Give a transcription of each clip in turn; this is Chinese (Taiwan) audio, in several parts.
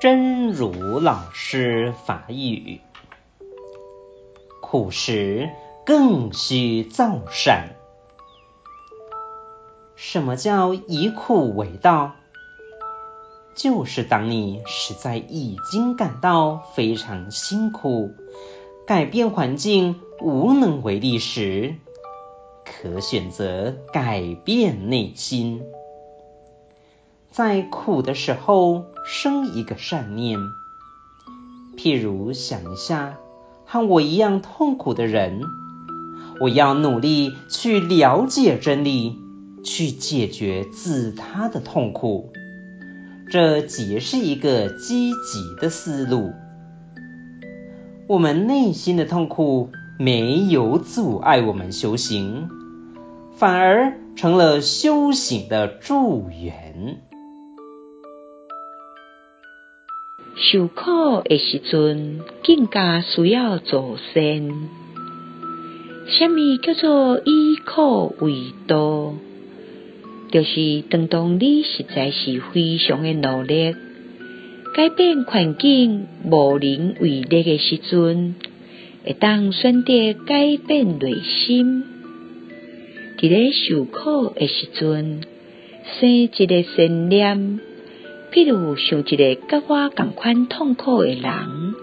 真如老師法語，苦時更需造善。什麼叫以苦為道？就是當你實在已經感到非常辛苦，改變環境無能為力時，可選擇改變內心。在苦的時候，生一個善念，譬如想一下和我一樣痛苦的人，我要努力去了解真理，去解決自他的痛苦，這即是一個積極的思路。我們內心的痛苦沒有阻礙我們修行，反而成了修行的助緣。受苦的時陣，更加需要做善。啥物叫做以苦為道？就是當當你實在是非常的努力，改變環境無能為力的時陣，會當選擇改變內心。佇咧受苦的時陣，生一個善念。譬如想一個甲我共款痛苦的人，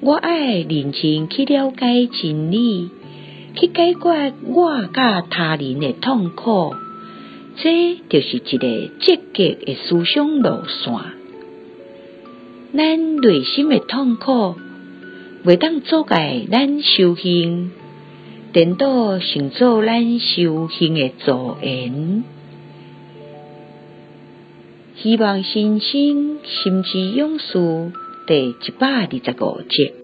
我愛認真去了解真理，去解決我甲他人的痛苦，這就是一個積極的思想路線。咱內心的痛苦，未當阻礙咱修行，顛倒想做咱修行的助緣。希望新生心之勇士第一百二十五節。